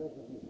Thank you.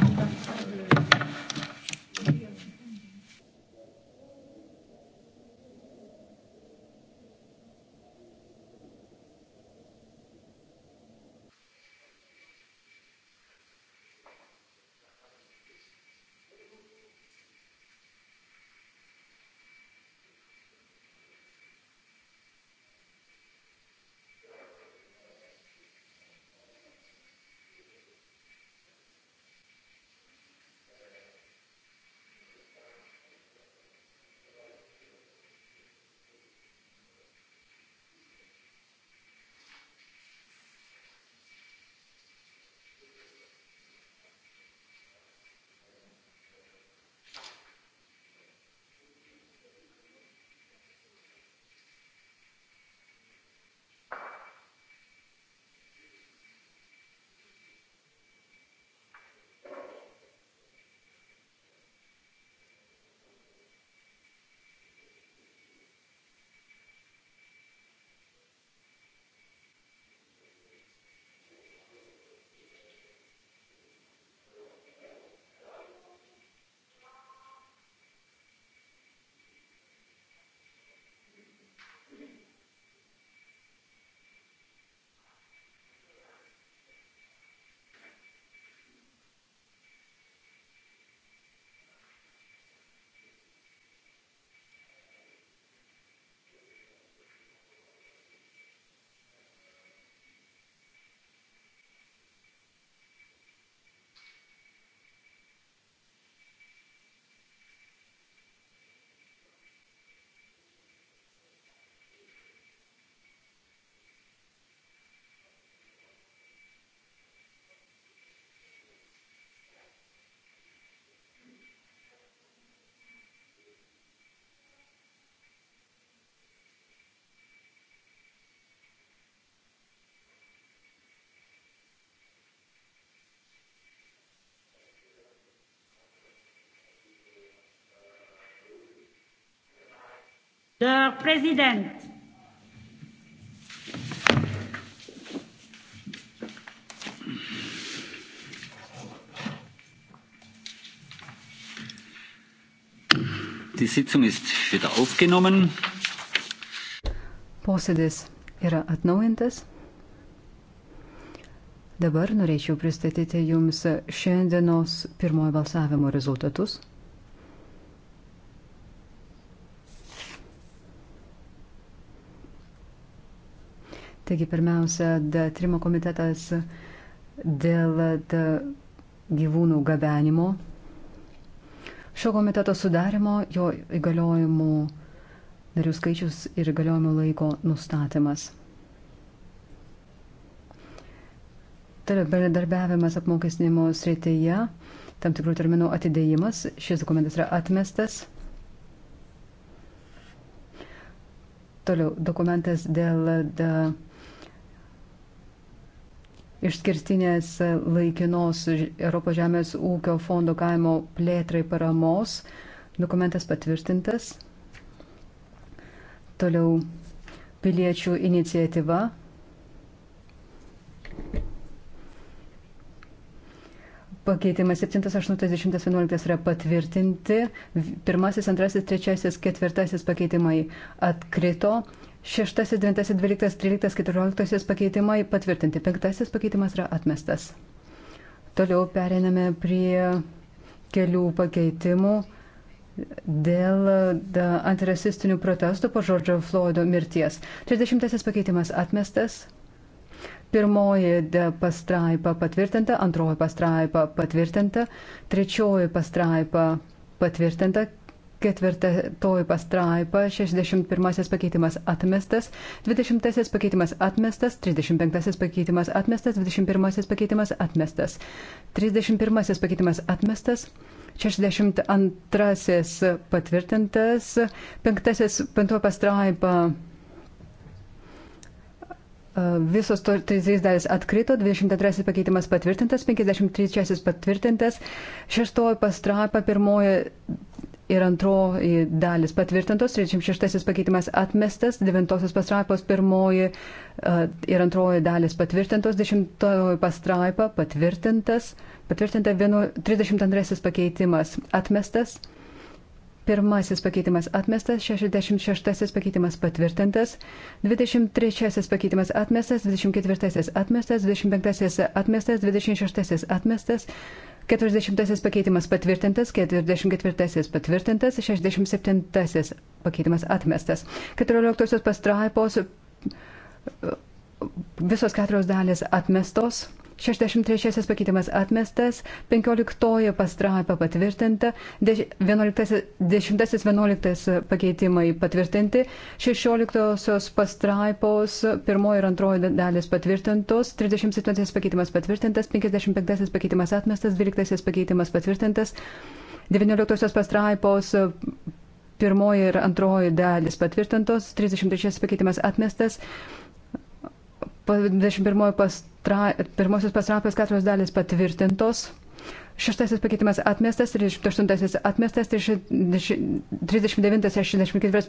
Der Präsident. Die Sitzung ist wieder aufgenommen. Posėdis yra atnaujintas. Dabar norėčiau pristatyti Jums šiandienos pirmojo balsavimo rezultatus. Taigi pirmiausia, da, trimo komitetas dėl da, gyvūnų gabenimo. Šio komiteto sudarimo, jo įgaliojimų narių skaičius ir įgaliojimų laiko nustatymas. bendradarbiavimas apmokestinimo srityje, tam tikrų terminų atidėjimas, šis dokumentas yra atmestas. Toliau, dokumentas dėl, dėl išskirtinės laikinos Europos žemės ūkio fondo kaimo plėtrai paramos. Dokumentas patvirtintas. Toliau piliečių iniciatyva. Pakeitimai 7, 8, 10, 11 yra patvirtinti. Pirmasis, antrasis, trečiasis, ketvirtasis pakeitimai atkrito. Šeštasis, devintasis, dvyliktas, tryliktas, keturioliktasis pakeitimai patvirtinti. Penktasis pakeitimas yra atmestas. Toliau pereiname prie kelių pakeitimų dėl antirasistinių protestų po Žodžio Floido mirties. 30 pakeitimas atmestas. Pirmoji pastraipa patvirtinta, antroji pastraipa patvirtinta, trečioji pastraipa patvirtinta, Ketvirtoji pastraipa, 61 pakeitimas atmestas, 20 pakeitimas atmestas, 35 pakeitimas atmestas, 21 pakeitimas atmestas, 31 pakeitimas atmestas, 62 patvirtintas, 5 penktoji pastraipa. E, visos to, trys dalis atkrito, 23 pakeitimas patvirtintas, 53 patvirtintas, 6 pastraipa, 1 ir antroji dalis patvirtintos, 36 pakeitimas atmestas, 9 pastraipos pirmoji ir antroji dalis patvirtintos, 10 pastraipa patvirtintas, patvirtinta 32 pakeitimas atmestas. Pirmasis pakeitimas atmestas, 66 pakeitimas patvirtintas, 23 pakeitimas atmestas, 24 atmestas, 25 atmestas, 26 atmestas, 40 pakeitimas patvirtintas, 44 patvirtintas, 67 pakeitimas atmestas. 14 pastraipos visos keturios dalys atmestos. 63 pakeitimas atmestas, 15 pastraipa patvirtinta, 11, 10-11 pakeitimai patvirtinti, 16 pastraipos 1 ir 2 dalis patvirtintos, 37 pakeitimas patvirtintas, 55 pakeitimas atmestas, 12 pakeitimas patvirtintas, 19 pastraipos pirmoji ir antroji dalis patvirtintos, 33 pakeitimas atmestas, 21 pas, tra, pirmasis pastraipos keturios dalys patvirtintos. Šeštasis pakeitimas atmestas, 38 atmestas, 39-64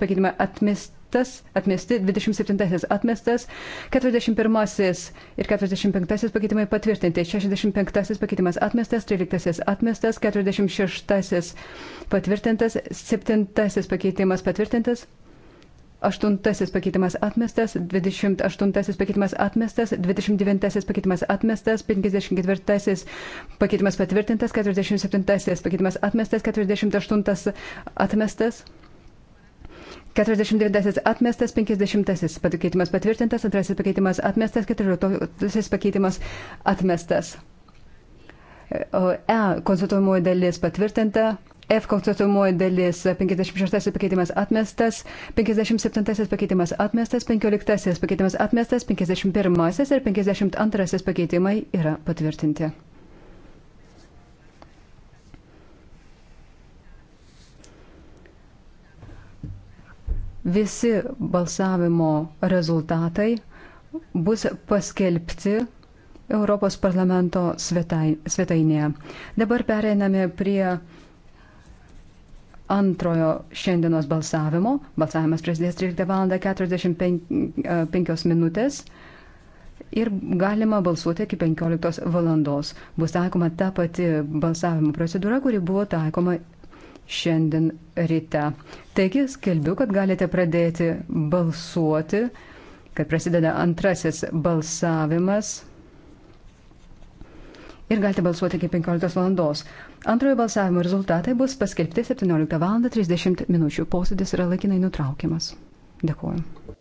pakeitimai atmestas, atmesti, 27 atmestas, 41 ir 45 pakeitimai patvirtinti, 65 pakeitimas atmestas, 13 atmestas, 46 patvirtintas, 7 pakeitimas patvirtintas, Aštuntasis pakeitimas atmestas, 28 pakeitimas atmestas, 29 pakeitimas atmestas, 54 pakeitimas patvirtintas, 47 pakeitimas atmestas, 48 atmestas. 49 atmestas, 50 pakeitimas patvirtintas, antrasis pakeitimas atmestas, 14 pakeitimas atmestas. E konsultuojamoji dalis patvirtinta, F konstatuojamoji dalis 56 pakeitimas atmestas, 57 pakeitimas atmestas, 15 pakeitimas atmestas, 51 ir 52 pakeitimai yra patvirtinti. Visi balsavimo rezultatai bus paskelbti Europos parlamento svetainėje. Dabar pereiname prie antrojo šiandienos balsavimo. Balsavimas prasidės 13 val. 45 minutės. Ir galima balsuoti iki 15 valandos. Bus taikoma ta pati balsavimo procedūra, kuri buvo taikoma šiandien ryte. Taigi skelbiu, kad galite pradėti balsuoti, kad prasideda antrasis balsavimas. Ir galite balsuoti iki 15 valandos. Antrojo balsavimo rezultatai bus paskelbti 17 val. 30 min. Posėdis yra laikinai nutraukiamas. Dėkuoju.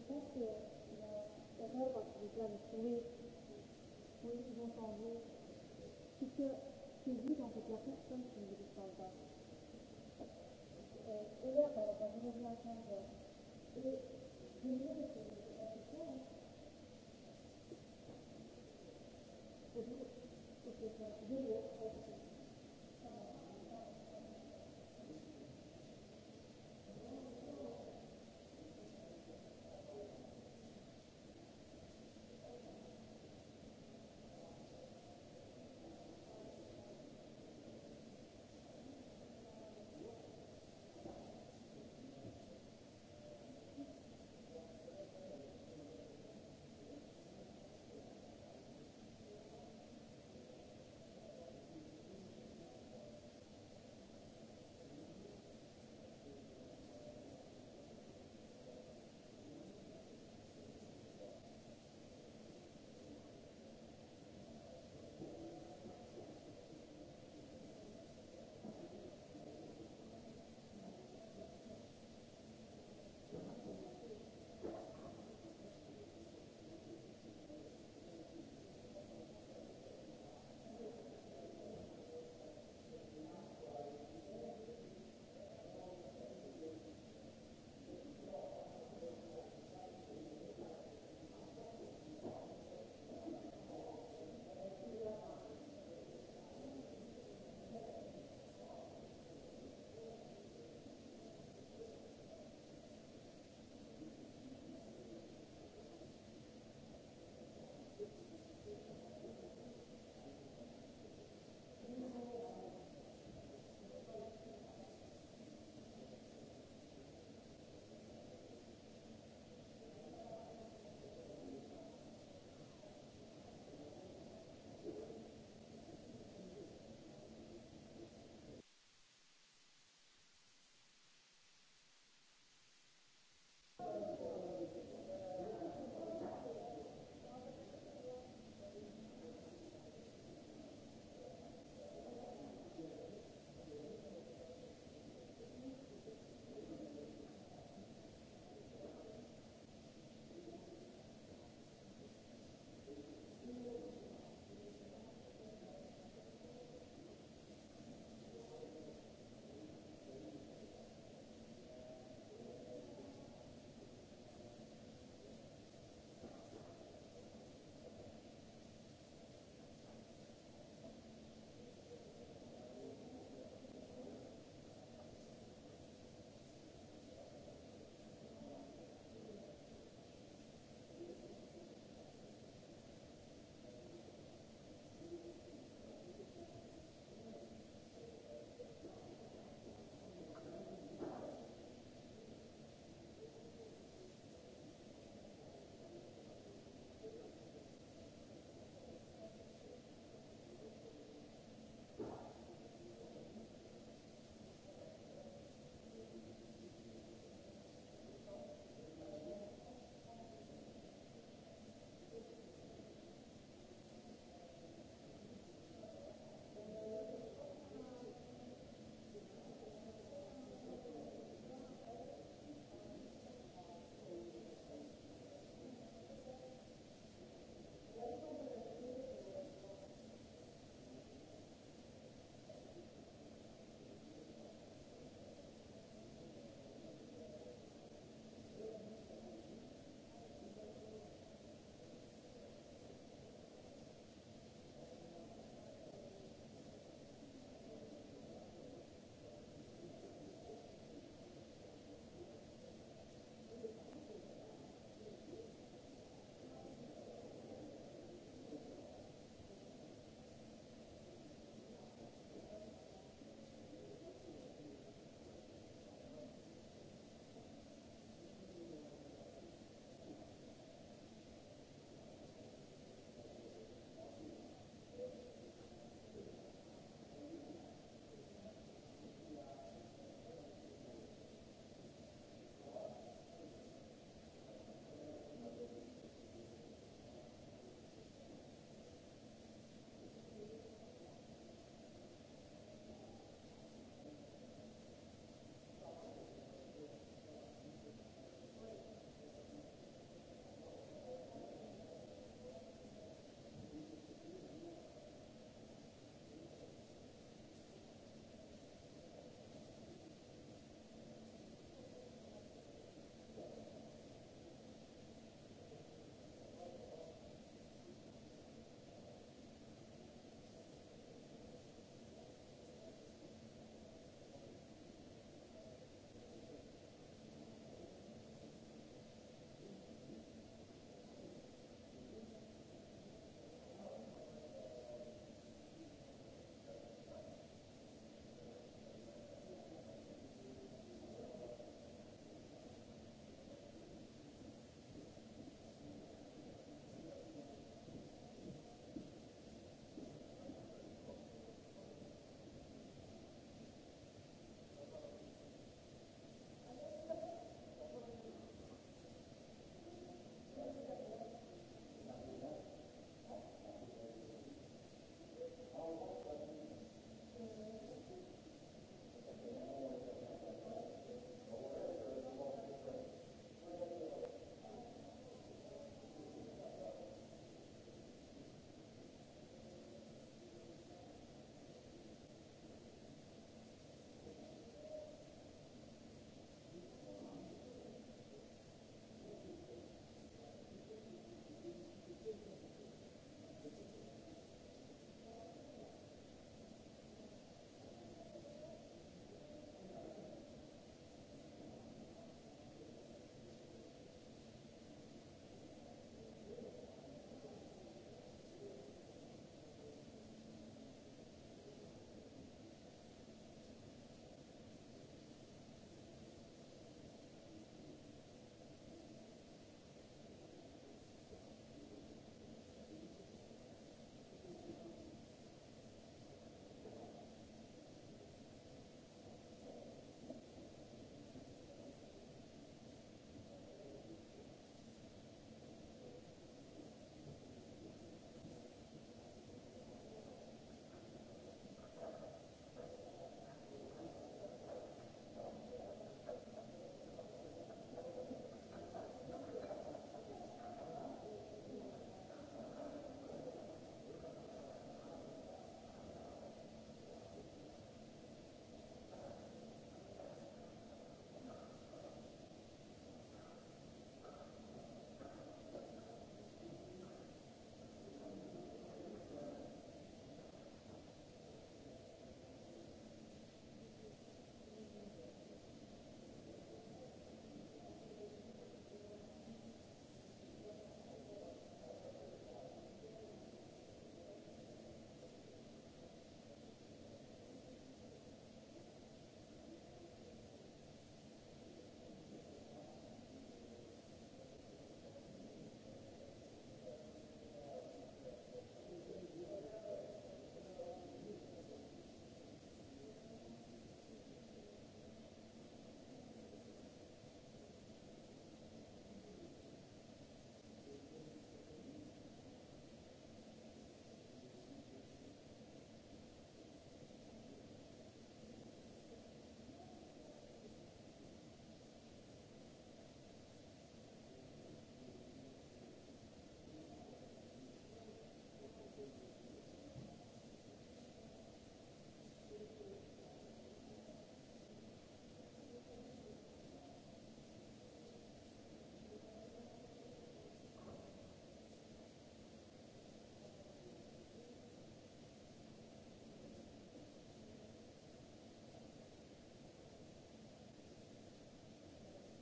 pense euh, que la mère, quand il est là, oui, oui, j'entends c'est que c'est vous, en fait, la personne qui ne vous parle pas. Euh, et là, quand je reviens à 15 heures, et je me dis que c'est pas tout ça, hein. Et vous, c'est que c'est un